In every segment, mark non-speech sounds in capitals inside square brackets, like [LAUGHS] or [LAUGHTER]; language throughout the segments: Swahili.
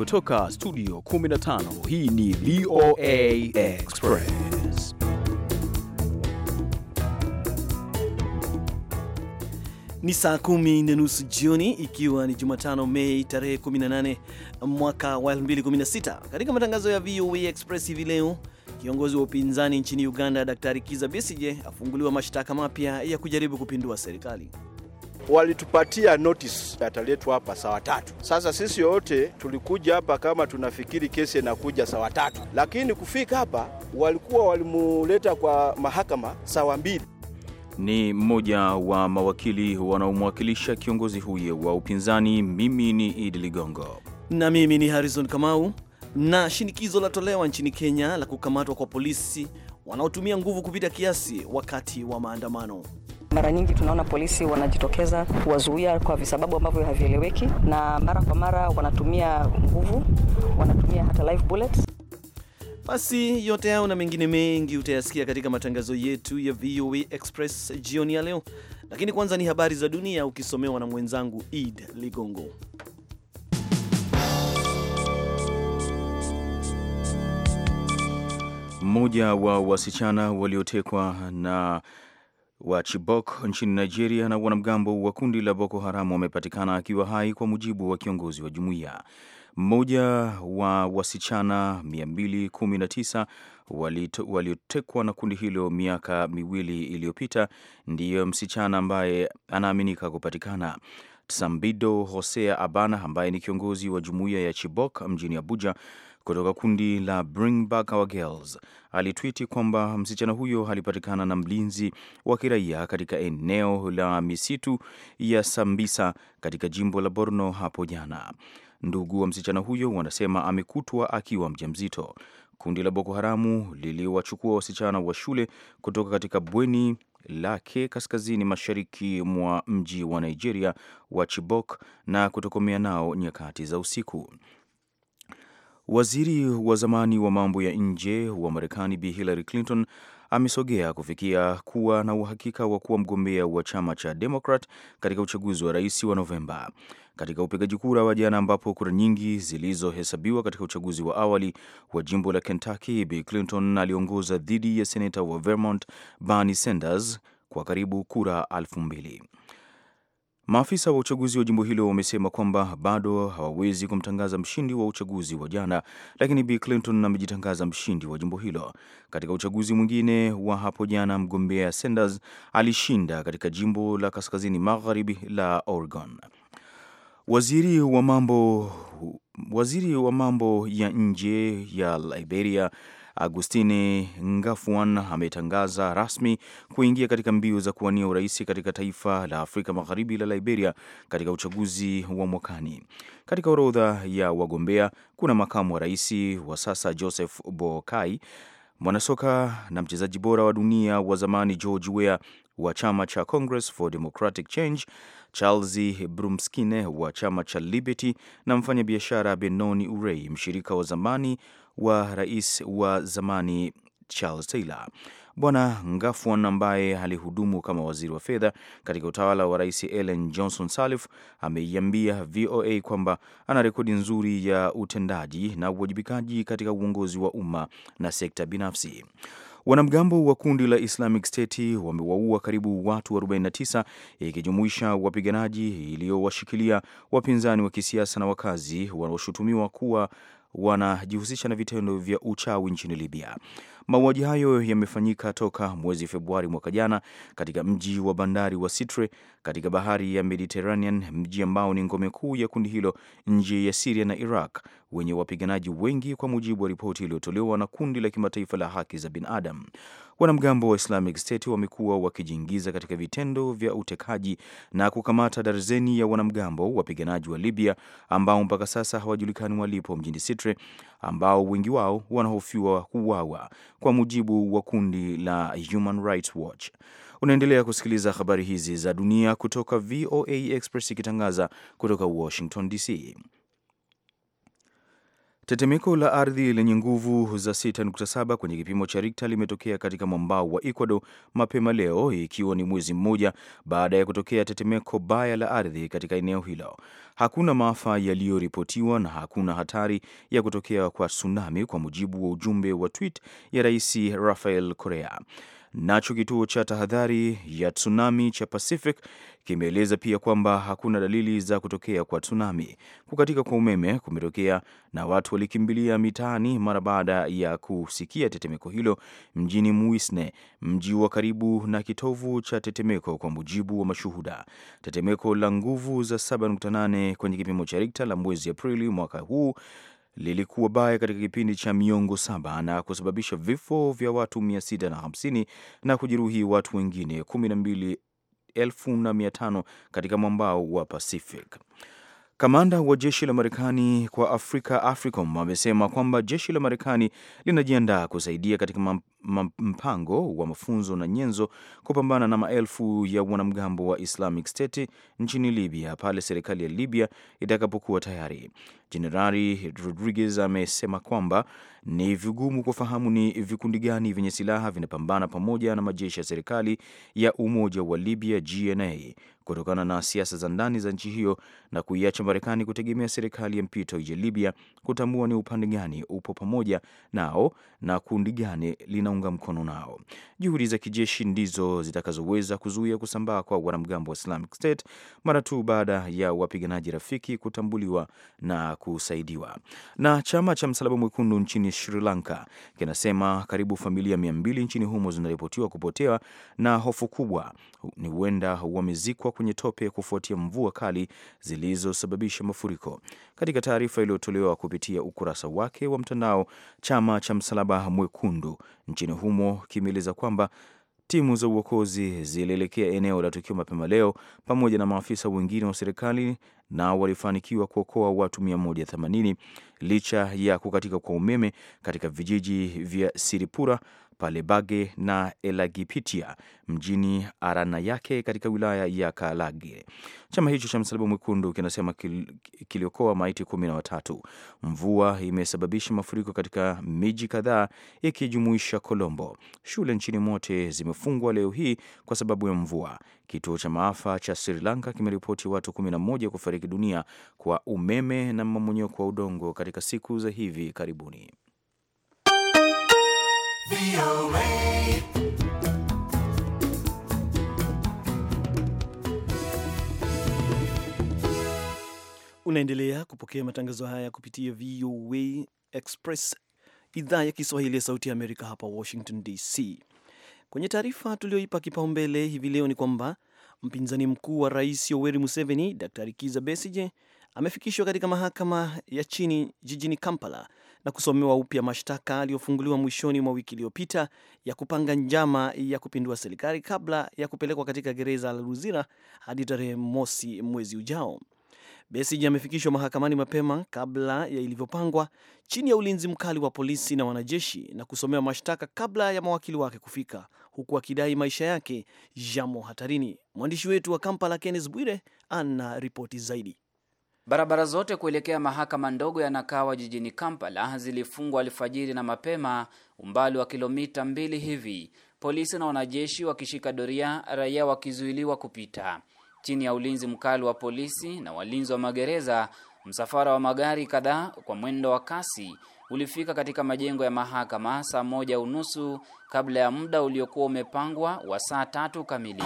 kutoka studio 15 hii ni VOA Express ni saa kumi na nusu jioni ikiwa ni Jumatano Mei tarehe 18 mwaka wa 2016 katika matangazo ya VOA Express hivi leo Kiongozi wa upinzani nchini Uganda Daktari Kiza Besije afunguliwa mashtaka mapya ya kujaribu kupindua serikali walitupatia notice ataletwa hapa saa tatu. Sasa sisi wote tulikuja hapa kama tunafikiri kesi inakuja saa tatu, lakini kufika hapa walikuwa walimuleta kwa mahakama saa mbili. Ni mmoja wa mawakili wanaomwakilisha kiongozi huyo wa upinzani. Mimi ni Idi Ligongo na mimi ni Harrison Kamau. Na shinikizo latolewa nchini Kenya la kukamatwa kwa polisi wanaotumia nguvu kupita kiasi wakati wa maandamano. Mara nyingi tunaona polisi wanajitokeza kuwazuia kwa visababu ambavyo havieleweki, na mara kwa mara wanatumia nguvu, wanatumia hata live bullets. Basi yote hayo na mengine mengi utayasikia katika matangazo yetu ya VOA Express jioni ya leo, lakini kwanza ni habari za dunia ukisomewa na mwenzangu Id Ligongo. Mmoja wa wasichana waliotekwa na wa Chibok nchini Nigeria na wanamgambo wa kundi la Boko Haram wamepatikana akiwa hai, kwa mujibu wa kiongozi wa jumuiya. Mmoja wa wasichana 219 waliotekwa na kundi hilo miaka miwili iliyopita ndiyo msichana ambaye anaaminika kupatikana. Tsambido Hosea Abana ambaye ni kiongozi wa jumuiya ya Chibok mjini Abuja kutoka kundi la Bring Back Our Girls alitwiti kwamba msichana huyo alipatikana na mlinzi wa kiraia katika eneo la misitu ya Sambisa katika jimbo la Borno hapo jana. Ndugu wa msichana huyo wanasema amekutwa akiwa mjamzito. Kundi la Boko Haramu liliwachukua wasichana wa shule kutoka katika bweni lake kaskazini mashariki mwa mji wa Nigeria wa Chibok na kutokomea nao nyakati za usiku. Waziri wa zamani wa mambo ya nje wa Marekani Bi Hillary Clinton amesogea kufikia kuwa na uhakika wa kuwa mgombea wa chama cha Democrat katika uchaguzi wa rais wa Novemba. Katika upigaji kura wa jana, ambapo kura nyingi zilizohesabiwa katika uchaguzi wa awali wa jimbo la Kentucky, Bi Clinton aliongoza dhidi ya senata wa Vermont Bernie Sanders kwa karibu kura elfu mbili. Maafisa wa uchaguzi wa jimbo hilo wamesema kwamba bado hawawezi kumtangaza mshindi wa uchaguzi wa jana, lakini Bi Clinton amejitangaza mshindi wa jimbo hilo. Katika uchaguzi mwingine wa hapo jana, mgombea Sanders alishinda katika jimbo la kaskazini magharibi la Oregon. Waziri wa mambo waziri wa mambo ya nje ya Liberia agustini Ngafuan ametangaza rasmi kuingia katika mbio za kuwania urais katika taifa la Afrika Magharibi la Liberia katika uchaguzi wa mwakani. Katika orodha ya wagombea kuna makamu wa rais wa sasa Joseph Boakai, mwanasoka na mchezaji bora wa dunia wa zamani George Weah wa chama cha Congress for Democratic Change, Charles Brumskine wa chama cha Liberty na mfanyabiashara Benoni Urey, mshirika wa zamani wa rais wa zamani Charles Taylor. Bwana Ngafuan ambaye alihudumu kama waziri wa fedha katika utawala wa rais Ellen Johnson Sirleaf ameiambia VOA kwamba ana rekodi nzuri ya utendaji na uwajibikaji katika uongozi wa umma na sekta binafsi. Wanamgambo wa kundi la Islamic State wamewaua karibu watu 49 ikijumuisha wapiganaji iliyowashikilia wapinzani wa kisiasa na wakazi wanaoshutumiwa kuwa wanajihusisha na vitendo vya uchawi nchini Libya. Mauaji hayo yamefanyika toka mwezi Februari mwaka jana katika mji wa bandari wa Sitre katika bahari ya Mediterranean, mji ambao ni ngome kuu ya kundi hilo nje ya Siria na Iraq, wenye wapiganaji wengi, kwa mujibu wa ripoti iliyotolewa na kundi la kimataifa la haki za binadamu. Wanamgambo wa Islamic State wamekuwa wakijiingiza katika vitendo vya utekaji na kukamata darzeni ya wanamgambo wapiganaji wa Libya ambao mpaka sasa hawajulikani walipo mjini Sitre ambao wengi wao wanahofiwa kuuawa, kwa mujibu wa kundi la Human Rights Watch. Unaendelea kusikiliza habari hizi za dunia kutoka VOA Express ikitangaza kutoka Washington DC. Tetemeko la ardhi lenye nguvu za 6.7 kwenye kipimo cha Richter limetokea katika mwambao wa Ecuador mapema leo, ikiwa ni mwezi mmoja baada ya kutokea tetemeko baya la ardhi katika eneo hilo. Hakuna maafa yaliyoripotiwa na hakuna hatari ya kutokea kwa tsunami, kwa mujibu wa ujumbe wa tweet ya Rais Rafael Correa. Nacho kituo cha tahadhari ya tsunami cha Pacific kimeeleza pia kwamba hakuna dalili za kutokea kwa tsunami. Kukatika kwa umeme kumetokea na watu walikimbilia mitaani mara baada ya kusikia tetemeko hilo mjini Muisne, mji wa karibu na kitovu cha tetemeko, kwa mujibu wa mashuhuda. Tetemeko la nguvu za 7.8 kwenye kipimo cha rikta la mwezi Aprili mwaka huu lilikuwa baya katika kipindi cha miongo saba na kusababisha vifo vya watu 650 na, na kujeruhi watu wengine 12,500 katika mwambao wa Pacific. Kamanda wa jeshi la Marekani kwa Afrika AFRICOM amesema kwamba jeshi la Marekani linajiandaa kusaidia katika mpango wa mafunzo na nyenzo kupambana na maelfu ya wanamgambo wa Islamic State nchini Libya pale serikali ya Libya itakapokuwa tayari. Jenerali Rodriguez amesema kwamba ni vigumu kufahamu ni vikundi gani vyenye silaha vinapambana pamoja na majeshi ya serikali ya Umoja wa Libya GNA kutokana na siasa za ndani za nchi hiyo na kuiacha Marekani kutegemea serikali ya mpito ya Libya kutambua ni upande gani upo pamoja nao na kundi gani lina inaunga mkono nao. Juhudi za kijeshi ndizo zitakazoweza kuzuia kusambaa kwa wanamgambo wa Islamic State mara tu baada ya wapiganaji rafiki kutambuliwa na kusaidiwa. Na chama cha Msalaba Mwekundu nchini Sri Lanka kinasema karibu familia mia mbili nchini humo zinaripotiwa kupotea na hofu kubwa ni huenda wamezikwa kwenye tope kufuatia mvua kali zilizosababisha mafuriko. Katika taarifa iliyotolewa kupitia ukurasa wake wa mtandao, chama cha Msalaba Mwekundu nchini humo kimeeleza kwamba timu za uokozi zilielekea eneo la tukio mapema leo pamoja na maafisa wengine wa serikali na walifanikiwa kuokoa watu 180 licha ya kukatika kwa umeme katika vijiji vya Siripura pale Bage na Elagipitia mjini arana yake katika wilaya ya Kalage. Chama hicho cha Msalaba Mwekundu kinasema kiliokoa maiti kumi na watatu. Mvua imesababisha mafuriko katika miji kadhaa ikijumuisha Kolombo. Shule nchini mote zimefungwa leo hii kwa sababu ya mvua. Kituo cha maafa cha Sri Lanka kimeripoti watu 11 kufariki dunia kwa umeme na mmomonyoko wa udongo katika siku za hivi karibuni. Unaendelea kupokea matangazo haya kupitia VOA Express, idhaa ya Kiswahili ya Sauti ya Amerika, hapa Washington DC. Kwenye taarifa tuliyoipa kipaumbele hivi leo ni kwamba mpinzani mkuu wa rais Yoweri Museveni, Daktari Kiza Besije, amefikishwa katika mahakama ya chini jijini Kampala na kusomewa upya mashtaka aliyofunguliwa mwishoni mwa wiki iliyopita ya kupanga njama ya kupindua serikali kabla ya kupelekwa katika gereza la Luzira hadi tarehe mosi mwezi ujao. Besigye amefikishwa mahakamani mapema kabla ya ilivyopangwa chini ya ulinzi mkali wa polisi na wanajeshi na kusomewa mashtaka kabla ya mawakili wake kufika, huku akidai maisha yake yamo hatarini. Mwandishi wetu wa Kampala, Kenneth Bwire, ana ripoti zaidi. Barabara zote kuelekea mahakama ndogo ya Nakawa jijini Kampala zilifungwa alfajiri na mapema, umbali wa kilomita mbili hivi, polisi na wanajeshi wakishika doria, raia wakizuiliwa kupita. Chini ya ulinzi mkali wa polisi na walinzi wa magereza, msafara wa magari kadhaa kwa mwendo wa kasi ulifika katika majengo ya mahakama saa moja unusu kabla ya muda uliokuwa umepangwa wa saa tatu kamili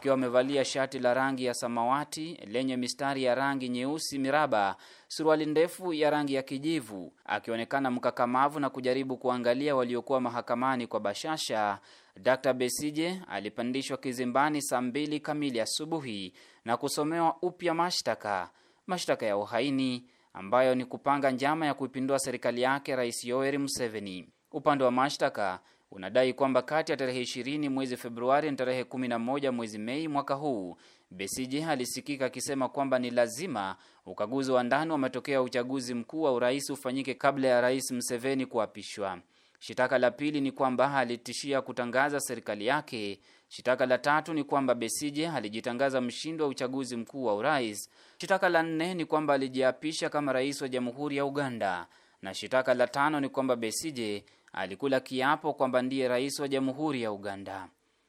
akiwa amevalia shati la rangi ya samawati lenye mistari ya rangi nyeusi miraba, suruali ndefu ya rangi ya kijivu, akionekana mkakamavu na kujaribu kuangalia waliokuwa mahakamani kwa bashasha. Dr. Besije alipandishwa kizimbani saa mbili kamili asubuhi na kusomewa upya mashtaka, mashtaka ya uhaini ambayo ni kupanga njama ya kuipindua serikali yake Rais Yoweri Museveni. Upande wa mashtaka unadai kwamba kati ya tarehe 20 mwezi Februari na tarehe 11 mwezi Mei mwaka huu, Besigye alisikika akisema kwamba ni lazima ukaguzi wa ndani wa matokeo ya uchaguzi mkuu wa urais ufanyike kabla ya Rais Museveni kuapishwa. Shitaka la pili ni kwamba alitishia kutangaza serikali yake. Shitaka la tatu ni kwamba Besije alijitangaza mshindi wa uchaguzi mkuu wa urais. Shitaka la nne ni kwamba alijiapisha kama rais wa jamhuri ya Uganda, na shitaka la tano ni kwamba Besije alikula kiapo kwamba ndiye rais wa jamhuri ya Uganda.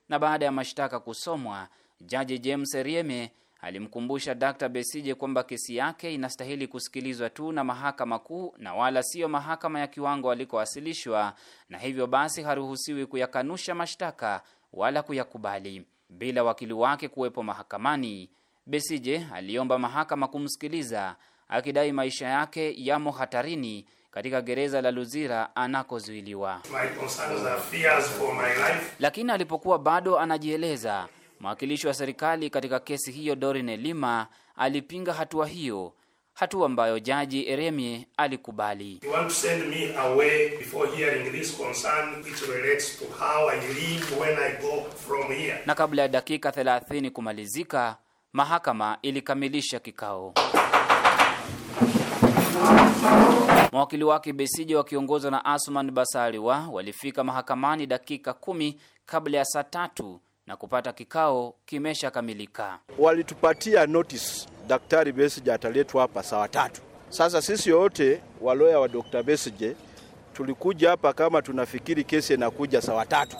Na baada ya mashtaka kusomwa, jaji James Rieme alimkumbusha Dr. Besije kwamba kesi yake inastahili kusikilizwa tu na mahakama kuu na wala siyo mahakama ya kiwango alikowasilishwa, na hivyo basi haruhusiwi kuyakanusha mashtaka wala kuyakubali. Bila wakili wake kuwepo mahakamani, Besije aliomba mahakama kumsikiliza akidai maisha yake yamo hatarini katika gereza la Luzira anakozuiliwa. Lakini alipokuwa bado anajieleza, mwakilishi wa serikali katika kesi hiyo Dorine Lima alipinga hatua hiyo, hatua ambayo jaji Eremie alikubali. Na kabla ya dakika 30 kumalizika, mahakama ilikamilisha kikao. Mawakili wake Besije wakiongozwa na Asman Basaliwa walifika mahakamani dakika kumi kabla ya saa tatu na kupata kikao kimeshakamilika. Walitupatia notice Daktari Besije ataletwa hapa saa tatu. Sasa sisi wote waloya wa Dr. Besije tulikuja hapa kama tunafikiri kesi inakuja saa tatu,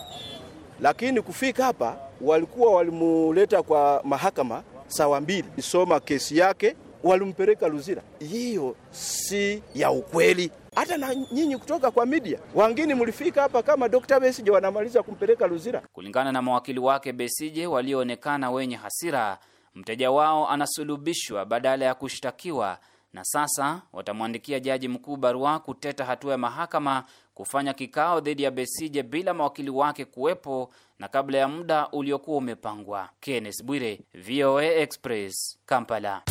lakini kufika hapa walikuwa walimuleta kwa mahakama saa mbili isoma kesi yake walimpeleka Luzira. Hiyo si ya ukweli. Hata na nyinyi kutoka kwa media wangine mlifika hapa kama Dr. Besije wanamaliza kumpeleka Luzira. Kulingana na mawakili wake Besije walioonekana wenye hasira, mteja wao anasulubishwa badala ya kushtakiwa na sasa watamwandikia jaji mkuu barua kuteta hatua ya mahakama kufanya kikao dhidi ya Besije bila mawakili wake kuwepo na kabla ya muda uliokuwa umepangwa. Kenneth Bwire, VOA Express, Kampala.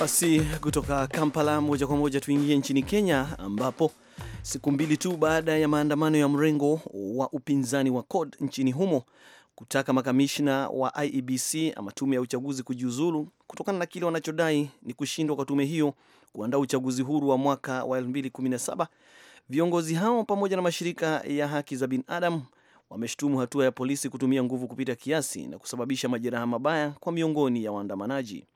Basi kutoka Kampala moja kwa moja tuingie nchini Kenya, ambapo siku mbili tu baada ya maandamano ya mrengo wa upinzani wa CORD nchini humo kutaka makamishna wa IEBC ama tume ya uchaguzi kujiuzulu kutokana na kile wanachodai ni kushindwa kwa tume hiyo kuandaa uchaguzi huru wa mwaka wa 2017. Viongozi hao pamoja na mashirika ya haki za binadamu wameshtumu hatua ya polisi kutumia nguvu kupita kiasi na kusababisha majeraha mabaya kwa miongoni ya waandamanaji.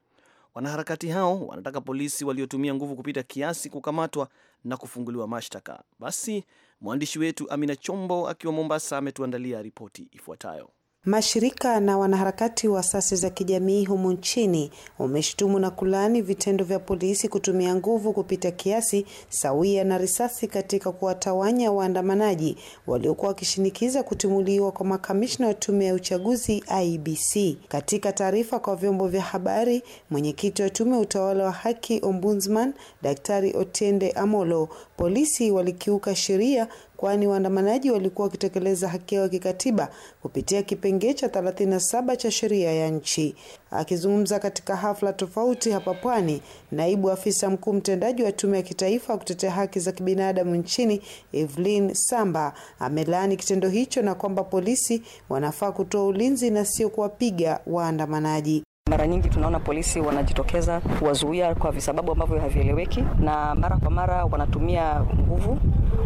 Wanaharakati hao wanataka polisi waliotumia nguvu kupita kiasi kukamatwa na kufunguliwa mashtaka. Basi mwandishi wetu Amina Chombo akiwa Mombasa ametuandalia ripoti ifuatayo. Mashirika na wanaharakati wa asasi za kijamii humu nchini wameshtumu na kulaani vitendo vya polisi kutumia nguvu kupita kiasi sawia na risasi katika kuwatawanya waandamanaji waliokuwa wakishinikiza kutimuliwa kwa makamishna wa tume ya uchaguzi ibc e Katika taarifa kwa vyombo vya habari, mwenyekiti wa tume ya utawala wa haki Ombudsman Daktari Otiende Amolo, polisi walikiuka sheria kwani waandamanaji walikuwa wakitekeleza haki yao ya kikatiba kupitia kipengee cha 37 cha sheria ya nchi. Akizungumza katika hafla tofauti hapa Pwani, naibu afisa mkuu mtendaji wa Tume ya Kitaifa ya Kutetea Haki za Kibinadamu nchini Evelyn Samba amelaani kitendo hicho na kwamba polisi wanafaa kutoa ulinzi na sio kuwapiga waandamanaji. Mara nyingi tunaona polisi wanajitokeza kuwazuia kwa visababu ambavyo havieleweki, na mara kwa mara wanatumia nguvu,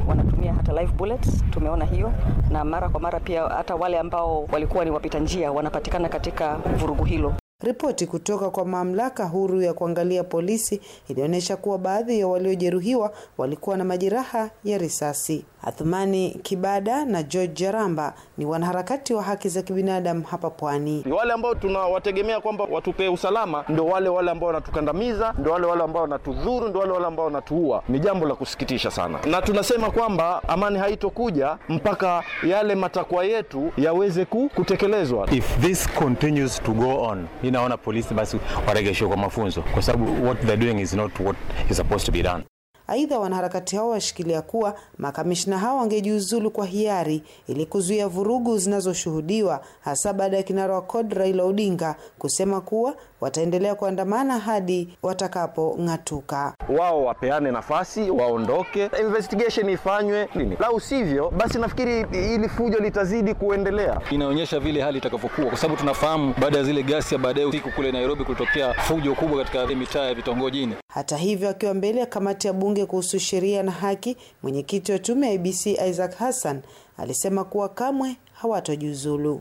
wanatumia hata live bullets, tumeona hiyo, na mara kwa mara pia hata wale ambao walikuwa ni wapita njia wanapatikana katika vurugu hilo. Ripoti kutoka kwa mamlaka huru ya kuangalia polisi ilionyesha kuwa baadhi ya waliojeruhiwa walikuwa na majeraha ya risasi. athumani Kibada na George Jaramba ni wanaharakati wa haki za kibinadamu hapa Pwani. Ni wale ambao tunawategemea kwamba watupee usalama, ndio wale wale ambao wanatukandamiza, ndio wale wale ambao wanatudhuru, ndio wale wale ambao wanatuua. Ni jambo la kusikitisha sana, na tunasema kwamba amani haitokuja mpaka yale matakwa yetu yaweze kutekelezwa. If this continues to go on mi naona polisi basi waregeshwe kwa mafunzo, kwa sababu what they're doing is not what is supposed to be done. Aidha, wanaharakati hao washikilia kuwa makamishna hao wangejiuzulu kwa hiari ili kuzuia vurugu zinazoshuhudiwa hasa baada ya kinara wa CORD Raila Odinga kusema kuwa wataendelea kuandamana hadi watakapong'atuka. Wao wapeane nafasi, waondoke, investigation ifanywe, la usivyo basi nafikiri hili fujo litazidi kuendelea. Inaonyesha vile hali itakavyokuwa, kwa sababu tunafahamu baada ya zile gasi ya baadaye usiku kule Nairobi kulitokea fujo kubwa katika mitaa ya vitongojini. Hata hivyo, akiwa mbele ya kamati ya bunge kuhusu sheria na haki, mwenyekiti wa tume ya IBC Isaac Hassan alisema kuwa kamwe hawatajiuzulu.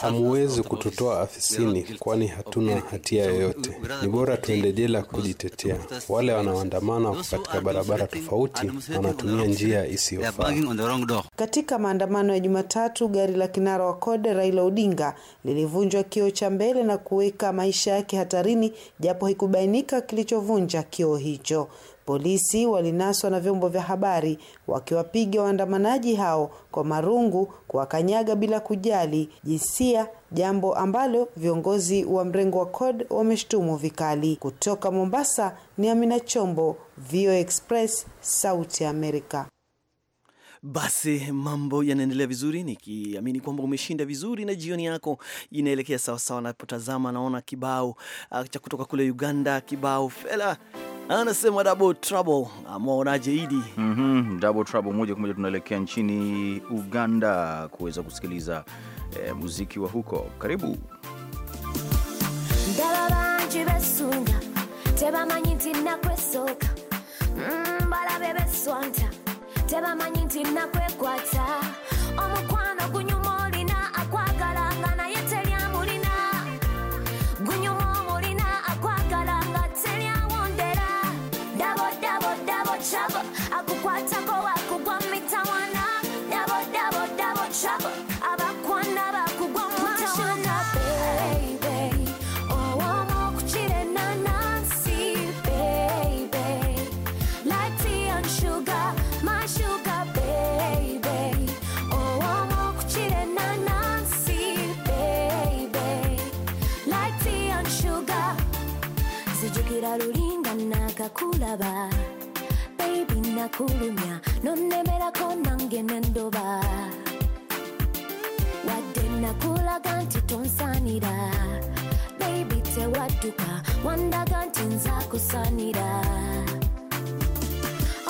Hamuwezi kututoa afisini, kwani hatuna hatia yoyote. Ni bora tuende jela kujitetea. Wale wanaoandamana wako katika barabara tofauti, wanatumia njia isiyofaa. Katika maandamano ya Jumatatu, gari la kinara wa Kode Raila Odinga lilivunjwa kioo cha mbele na kuweka maisha yake hatarini, japo haikubainika kilichovunja kioo hicho. Polisi walinaswa na vyombo vya habari wakiwapiga waandamanaji hao kwa marungu, kuwakanyaga bila kujali jinsia, jambo ambalo viongozi wa mrengo wa CORD wameshtumu vikali. Kutoka Mombasa ni Amina Chombo, VOA Express, Sauti ya Amerika. Basi mambo yanaendelea vizuri, nikiamini kwamba umeshinda vizuri na jioni yako inaelekea sawasawa. Napotazama naona kibao ah, cha kutoka kule Uganda, kibao fela anasema double trouble. Amaonaje Idi? mm -hmm. Double trouble. Moja kwa moja tunaelekea nchini Uganda kuweza kusikiliza e, muziki wa huko. Karibu ndaba bebi nakulumya nonnemerako nange nendoba wadde nakulaga nti tonsaanira baby tewadduka wandaga nti nza kusaanira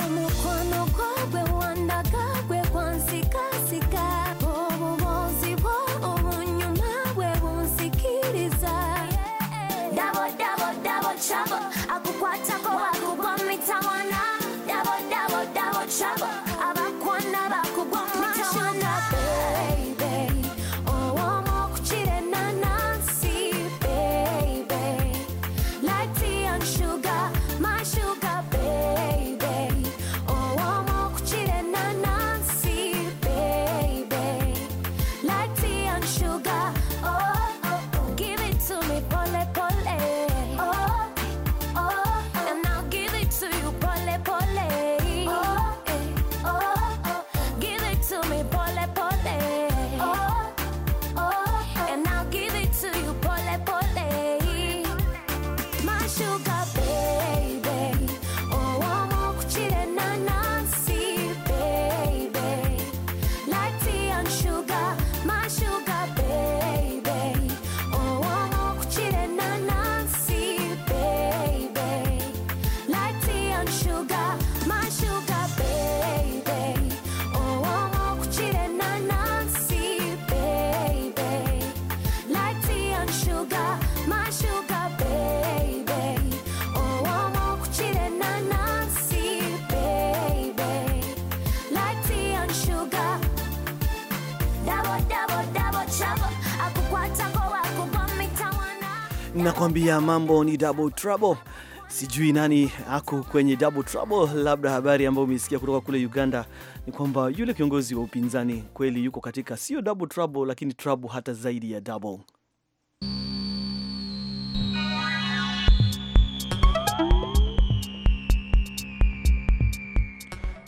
omukono gwogwe nakwambia mambo ni double trouble. Sijui nani ako kwenye double trouble. Labda habari ambayo umesikia kutoka kule Uganda ni kwamba yule kiongozi wa upinzani kweli yuko katika sio double trouble, lakini trouble hata zaidi ya double.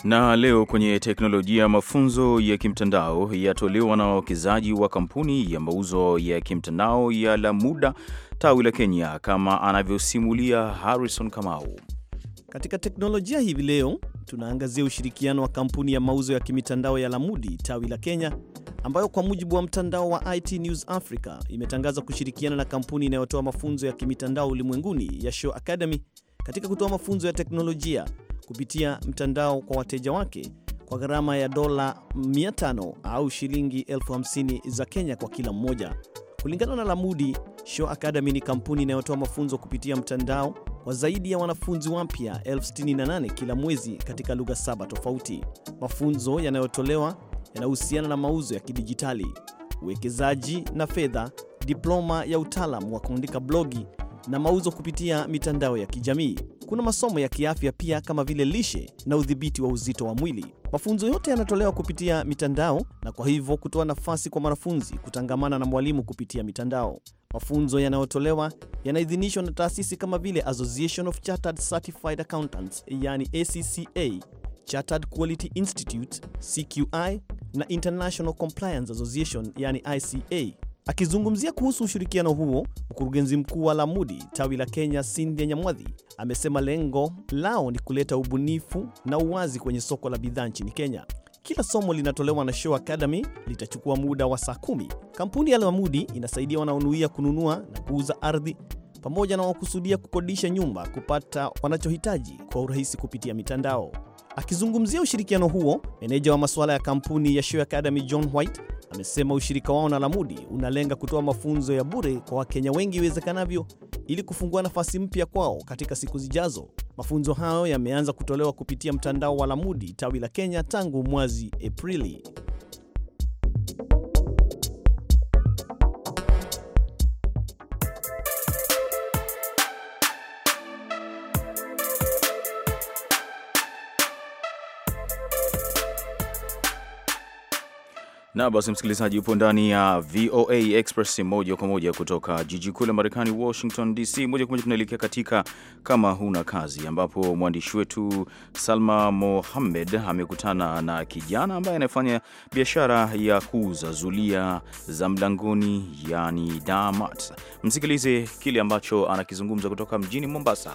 Na leo kwenye teknolojia, mafunzo ya kimtandao yatolewa na wawekezaji wa kampuni ya mauzo ya kimtandao ya Lamuda tawi la Kenya, kama anavyosimulia Harrison Kamau. Katika teknolojia hivi leo tunaangazia ushirikiano wa kampuni ya mauzo ya kimitandao ya Lamudi tawi la Kenya, ambayo kwa mujibu wa mtandao wa IT News Africa imetangaza kushirikiana na kampuni inayotoa mafunzo ya kimitandao ulimwenguni ya Show Academy katika kutoa mafunzo ya teknolojia kupitia mtandao kwa wateja wake kwa gharama ya dola 500 au shilingi elfu za Kenya kwa kila mmoja. Kulingana na Lamudi, show Academy ni kampuni inayotoa mafunzo kupitia mtandao kwa zaidi ya wanafunzi wapya 68 kila mwezi katika lugha saba tofauti. Mafunzo yanayotolewa yanahusiana na mauzo ya kidijitali, uwekezaji na fedha, diploma ya utaalamu wa kuandika blogi na mauzo kupitia mitandao ya kijamii. Kuna masomo ya kiafya pia kama vile lishe na udhibiti wa uzito wa mwili. Mafunzo yote yanatolewa kupitia mitandao na kwa hivyo kutoa nafasi kwa mwanafunzi kutangamana na mwalimu kupitia mitandao. Mafunzo yanayotolewa yanaidhinishwa na taasisi kama vile Association of Chartered Certified Accountants, yani ACCA, Chartered Quality Institute, CQI na International Compliance Association, yani ICA. Akizungumzia kuhusu ushirikiano huo, mkurugenzi mkuu wa Lamudi tawi la Kenya, sindia nyamwadhi amesema lengo lao ni kuleta ubunifu na uwazi kwenye soko la bidhaa nchini Kenya. Kila somo linatolewa na Show Academy litachukua muda wa saa kumi. Kampuni ya Lamudi inasaidia wanaonuia kununua na kuuza ardhi pamoja na wakusudia kukodisha nyumba kupata wanachohitaji kwa urahisi kupitia mitandao. Akizungumzia ushirikiano huo, meneja wa masuala ya kampuni ya Show Academy John White amesema ushirika wao na Lamudi unalenga kutoa mafunzo ya bure kwa Wakenya wengi iwezekanavyo ili kufungua nafasi mpya kwao katika siku zijazo. Mafunzo hayo yameanza kutolewa kupitia mtandao wa Lamudi tawi la Kenya tangu mwezi Aprili. Na basi msikilizaji, upo ndani ya VOA Express moja kwa moja kutoka jiji kuu la Marekani, Washington DC. Moja kwa moja tunaelekea katika kama huna kazi, ambapo mwandishi wetu Salma Mohammed amekutana na kijana ambaye anafanya biashara ya kuuza zulia za mlangoni, yani damat. Msikilize kile ambacho anakizungumza kutoka mjini Mombasa.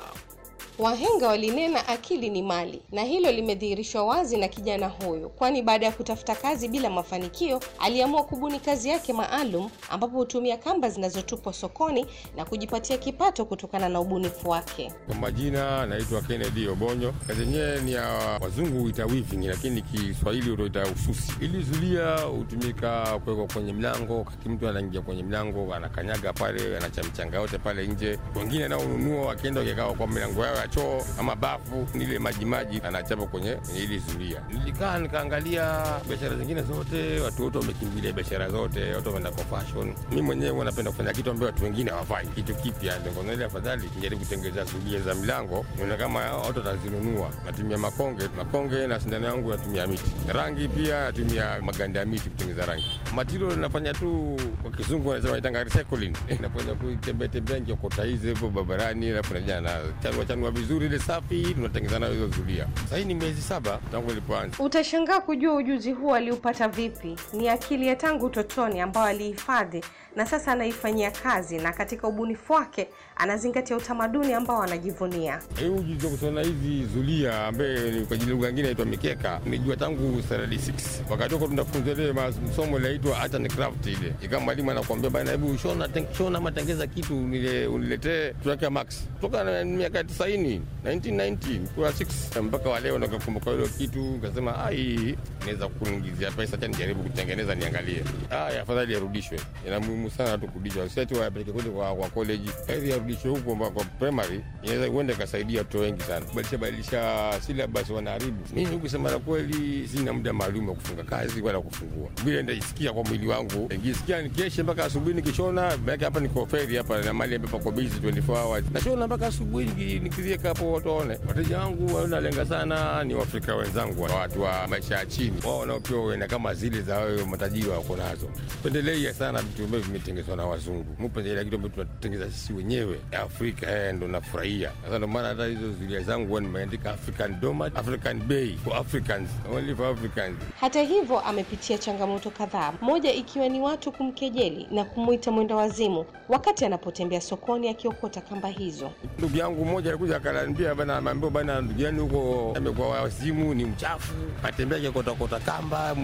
Wahenga walinena akili ni mali, na hilo limedhihirishwa wazi na kijana huyu, kwani baada ya kutafuta kazi bila mafanikio, aliamua kubuni kazi yake maalum, ambapo hutumia kamba zinazotupwa sokoni na kujipatia kipato kutokana na ubunifu wake. Kwa majina, naitwa Kennedy Obonyo. Kazi yenyewe ni ya wazungu huita weaving, lakini Kiswahili utaita ususi. Ili zulia hutumika kuwekwa kwenye mlango, kati mtu anaingia kwenye mlango, anakanyaga pale, anachamchanga yote pale nje. Wengine nao ununua, wakienda kwa milango yao choo ama bafu, nile majimaji anachapa kwenye kwenye hili zulia. Nilikaa nikaangalia biashara zingine zote, watu wote wamekimbilia biashara zote, watu wameenda kwa fashion. Mi mwenyewe huwa napenda kufanya kitu ambayo watu wengine hawafai, kitu kipya. Ndokonele afadhali nijaribu kutengeneza zulia za milango, nione kama watu watazinunua. Natumia makonge makonge, na sindano yangu natumia miti. Rangi pia natumia maganda ya miti kutengeneza rangi. Matilo nafanya tu, kwa kizungu wanasema wanaitanga recycling. [LAUGHS] Napenda kutembea tembea, nkiokota hizi hivyo barabarani, alafu najana na chanua chanua vizuri ile safi, tunatengeza nayo hizo zulia. Sasa hii ni miezi saba tangu ilipoanza. Utashangaa kujua ujuzi huu aliupata vipi. Ni akili ya tangu utotoni ambayo alihifadhi na sasa anaifanyia kazi, na katika ubunifu wake anazingatia utamaduni ambao anajivunia. Hii ujuzi wa kushona hizi zulia, ambaye ni kwa jina lugha nyingine inaitwa mikeka, nimejua tangu standard 6 wakati huko tunafunza ile masomo inaitwa art and craft. Ile ikawa mwalimu anakuambia bana, hebu shona shona ama kitu niletee tunakia max toka miaka 90 1990 1990 kwa 6 mpaka wa leo nakakumbuka hilo kitu, nikasema ai, naweza kuingizia pesa tena, jaribu kutengeneza niangalie. Haya, afadhali yarudishwe, ina muhimu sana watu kurudishwa, si wapeleke kule kwa kwa college, hivi yarudishwe huko kwa primary, inaweza kuenda ikasaidia watoto wengi sana. kubadilisha badilisha syllabus, wanaharibu. Mimi kusema la kweli, sina muda maalum wa kufunga kazi wala kufungua, bila ndaisikia kwa mwili wangu, nikisikia nikeshe mpaka asubuhi nikishona, maana hapa niko feri hapa na mali hapa kwa busy 24 hours, nashona mpaka asubuhi nikizia wamefika hapo, watu waone. Wateja wangu nalenga sana ni Waafrika wenzangu, watu wa maisha ya chini, wao wanaopewa wenda kama zile za wewe matajiri wako nazo. Pendelei sana vitu ambavyo vimetengezwa na wazungu, mupendelea kitu ambacho tunatengeza sisi wenyewe Afrika. Eh, ndo nafurahia sasa, ndo maana hata hizo zulia zangu huwa nimeandika African Domat, African Bay for Africans, only for Africans. Hata hivyo amepitia changamoto kadhaa, moja ikiwa ni watu kumkejeli na kumwita mwenda wazimu wakati anapotembea sokoni akiokota kamba hizo. Ndugu yangu mmoja alikuja akanambia bana, mambo bana, ndugu yenu huko amekuwa wazimu, ni mchafu, atembea kikotakota kamba,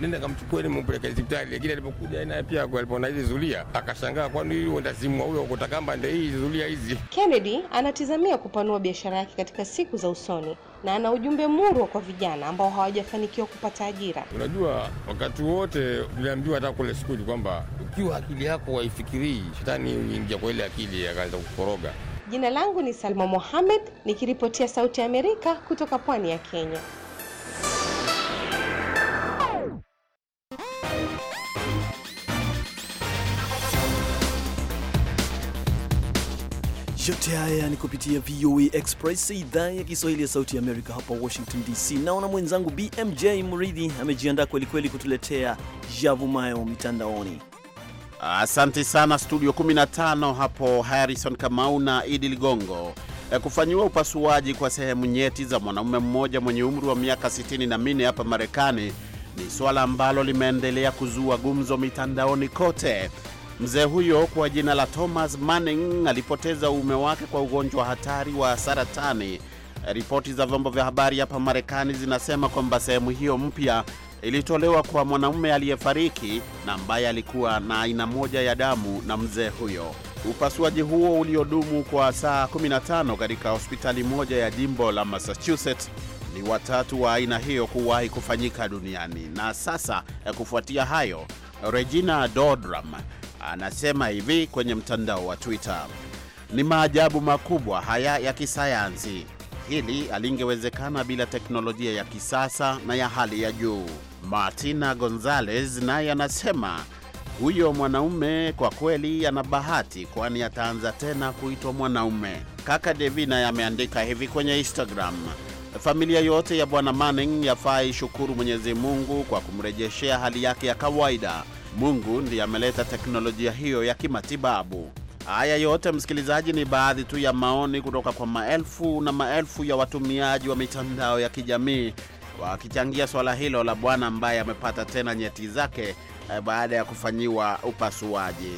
nenda kamchukue mumpeleke hospitali. Lakini alipokuja naye pia alipona hizi zulia akashangaa, kwani hii ndazimu huyo kota kamba ndio hii zulia hizi. Kennedy anatizamia kupanua biashara yake katika siku za usoni na ana ujumbe murwa kwa vijana ambao hawajafanikiwa kupata ajira. Unajua, wakati wote niliambiwa hata kule skuli kwamba ukiwa akili yako waifikirii, shetani uingia kwa ile akili akaanza kukoroga Jina langu ni Salma Mohamed nikiripotia Sauti ya Amerika kutoka pwani ya Kenya. Yote haya ni kupitia VOA e Express, idhaa ya Kiswahili ya Sauti ya Amerika hapa Washington DC. Naona mwenzangu BMJ Mridhi amejiandaa kwelikweli kutuletea yavumayo mitandaoni. Asante sana studio 15 hapo Harrison Kamau na Idi Ligongo. Eh, kufanyiwa upasuaji kwa sehemu nyeti za mwanaume mmoja mwenye umri wa miaka 64 hapa Marekani ni suala ambalo limeendelea kuzua gumzo mitandaoni kote. Mzee huyo kwa jina la Thomas Manning alipoteza uume wake kwa ugonjwa hatari wa saratani. Eh, ripoti za vyombo vya habari hapa Marekani zinasema kwamba sehemu hiyo mpya ilitolewa kwa mwanamume aliyefariki na ambaye alikuwa na aina moja ya damu na mzee huyo. Upasuaji huo uliodumu kwa saa 15 katika hospitali moja ya jimbo la Massachusetts ni watatu wa aina hiyo kuwahi kufanyika duniani. Na sasa eh, kufuatia hayo, Regina Dodram anasema hivi kwenye mtandao wa Twitter: ni maajabu makubwa haya ya kisayansi. Hili alingewezekana bila teknolojia ya kisasa na ya hali ya juu. Martina Gonzalez naye anasema huyo mwanaume kwa kweli ana bahati, kwani ataanza tena kuitwa mwanaume. Kaka Devi naye ameandika hivi kwenye Instagram, familia yote ya Bwana Manning yafaa ishukuru Mwenyezi Mungu kwa kumrejeshea hali yake ya kawaida. Mungu ndiye ameleta teknolojia hiyo ya kimatibabu. Haya yote msikilizaji, ni baadhi tu ya maoni kutoka kwa maelfu na maelfu ya watumiaji wa mitandao ya kijamii wakichangia swala hilo la bwana ambaye amepata tena nyeti zake eh, baada ya kufanyiwa upasuaji.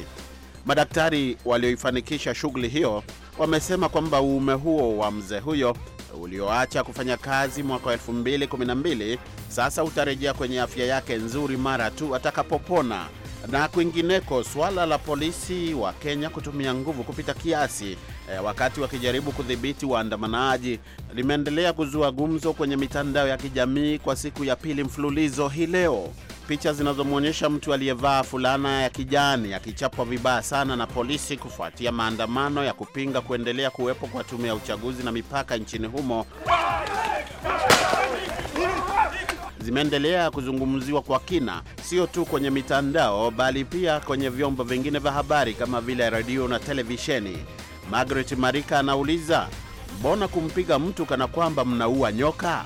Madaktari walioifanikisha shughuli hiyo wamesema kwamba uume huo wa mzee huyo ulioacha kufanya kazi mwaka wa 2012 sasa utarejea kwenye afya yake nzuri mara tu atakapopona. Na kwingineko, swala la polisi wa Kenya kutumia nguvu kupita kiasi e, wakati wakijaribu kudhibiti waandamanaji limeendelea kuzua gumzo kwenye mitandao ya kijamii kwa siku ya pili mfululizo hii leo. Picha zinazomwonyesha mtu aliyevaa fulana ya kijani akichapwa vibaya sana na polisi kufuatia maandamano ya kupinga kuendelea kuwepo kwa tume ya uchaguzi na mipaka nchini humo zimeendelea kuzungumziwa kwa kina, sio tu kwenye mitandao bali pia kwenye vyombo vingine vya habari kama vile redio na televisheni. Margaret Marika anauliza mbona kumpiga mtu kana kwamba mnaua nyoka?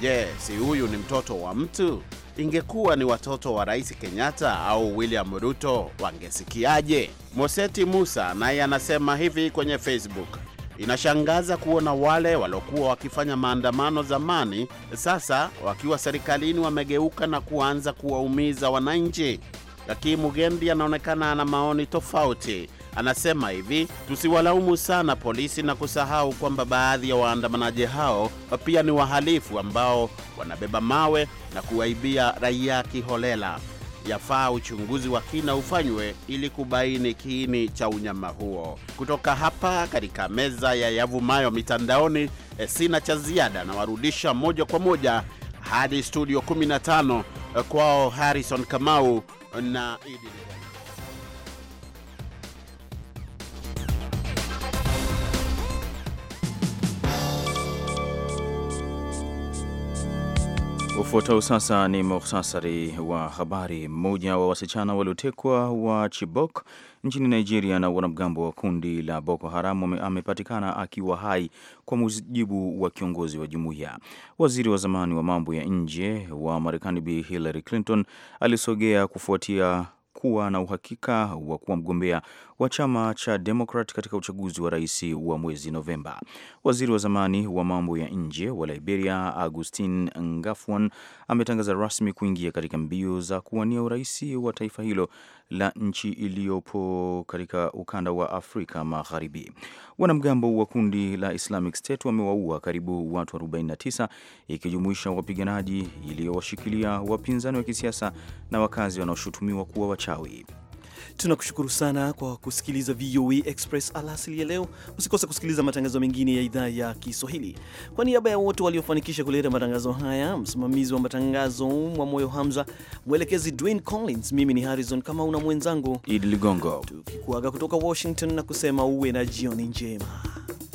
Je, si huyu ni mtoto wa mtu? Ingekuwa ni watoto wa Rais Kenyatta au William Ruto wangesikiaje? Moseti Musa naye anasema hivi kwenye Facebook, inashangaza kuona wale waliokuwa wakifanya maandamano zamani sasa wakiwa serikalini wamegeuka na kuanza kuwaumiza wananchi. Lakini Mugendi anaonekana ana maoni tofauti. Anasema hivi, tusiwalaumu sana polisi na kusahau kwamba baadhi ya waandamanaji hao pia ni wahalifu ambao wanabeba mawe na kuwaibia raia kiholela. Yafaa uchunguzi wa kina ufanywe ili kubaini kiini cha unyama huo. Kutoka hapa katika meza ya yavumayo mitandaoni, eh, sina cha ziada, nawarudisha moja kwa moja hadi studio 15 eh, kwao Harrison Kamau na Idi. Ufuatao sasa ni muhtasari wa habari. Mmoja wa wasichana waliotekwa wa Chibok nchini Nigeria na wanamgambo wa kundi la Boko Haramu amepatikana akiwa hai kwa mujibu wa kiongozi wa jumuiya. Waziri wa zamani wa mambo ya nje wa Marekani Bi Hillary Clinton alisogea kufuatia kuwa na uhakika wa kuwa mgombea wa chama cha Demokrat katika uchaguzi wa rais wa mwezi Novemba. Waziri wa zamani wa mambo ya nje wa Liberia, Augustin Ngafwan, ametangaza rasmi kuingia katika mbio za kuwania urais wa taifa hilo la nchi iliyopo katika ukanda wa Afrika Magharibi. Wanamgambo wa kundi la Islamic State wamewaua karibu watu 49 ikijumuisha wapiganaji iliyowashikilia wapinzani wa kisiasa na wakazi wanaoshutumiwa kuwa wachawi. Tunakushukuru sana kwa kusikiliza VOA e Express alasili ya leo. Usikose kusikiliza matangazo mengine ya idhaa ya Kiswahili. Kwa niaba ya wote waliofanikisha kuleta matangazo haya, msimamizi wa matangazo moyo Hamza, mwelekezi Dwayne Collins, mimi ni Harrison kama una mwenzangu Idi Ligongo, tukikuaga kutoka Washington na kusema uwe na jioni njema.